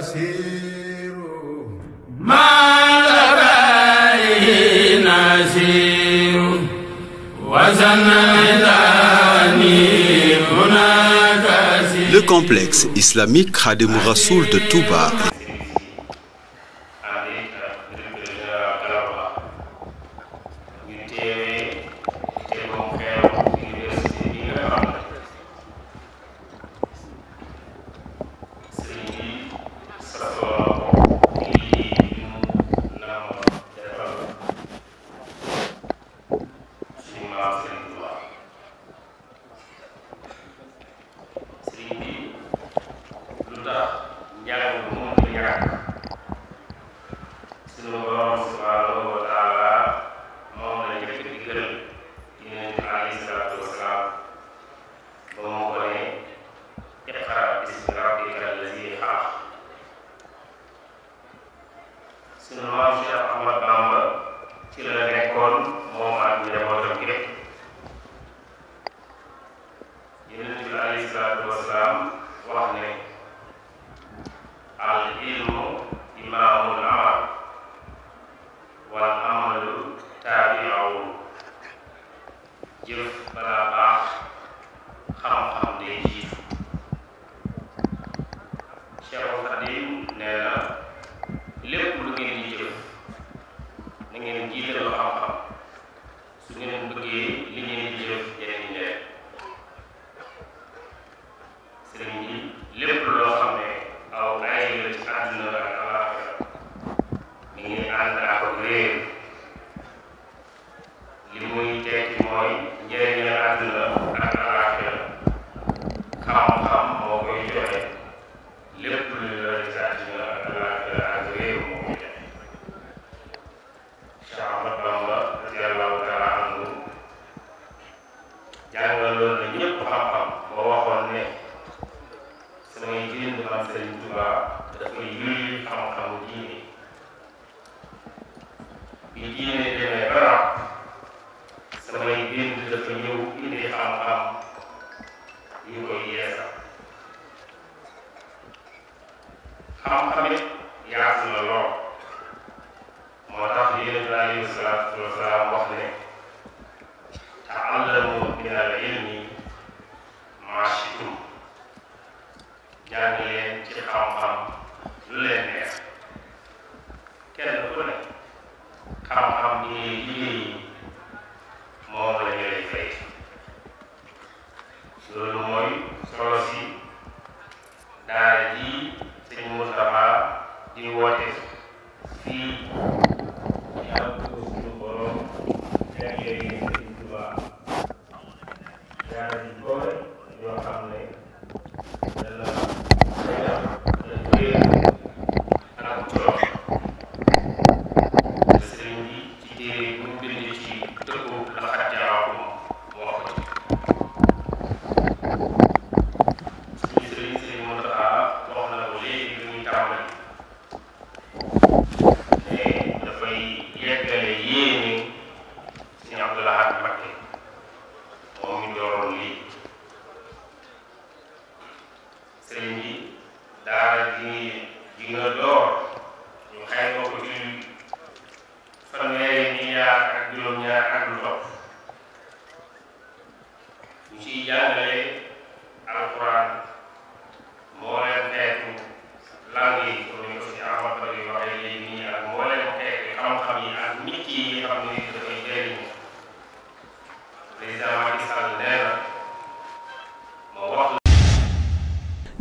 asiru malabay Le complexe islamique Khadim Rassoul de Touba ñaan suñu borom subhanahu taala moom la njëkk di gërëm ci yonent bi alayhi salaatu wasalaam ba moo ko ne iqra bismi rabbika allazi xalaq suñu maam Cheikh Ahmad Bamba ci jëf balaa xam-xam moo koy joxe lépp lu ñu doon saa ci la ak réew moo koy joxe Cheikh Ahmad Bamba radiyallahu taala anhu jàngaloon na waxoon ne samay man Sëriñ Tuubaa dafa yulli xam-xamu bi diine demee barab samay bind dafa xam-xamit yaatu na lool moo tax yonent bi alayhi salaatu wasalaam wax ne woote fii ñu am ko suñu borom jagleel yi Sëriñ Tuubaa daara ji boole yoo xam ne dana dana sëriñ bi daara ji ji nga door ñu xayma ko ci fanweeri milliard ak juróom-ñaar ak lu topp ñu ciy jàngale alxuraan mbooleem xeetu langue yi comme ni ko si Amadou Ba yi waxee léegi nii ak mbooleem xeetu xam-xam yi ak métier yi nga xam ne dafay jëriñ président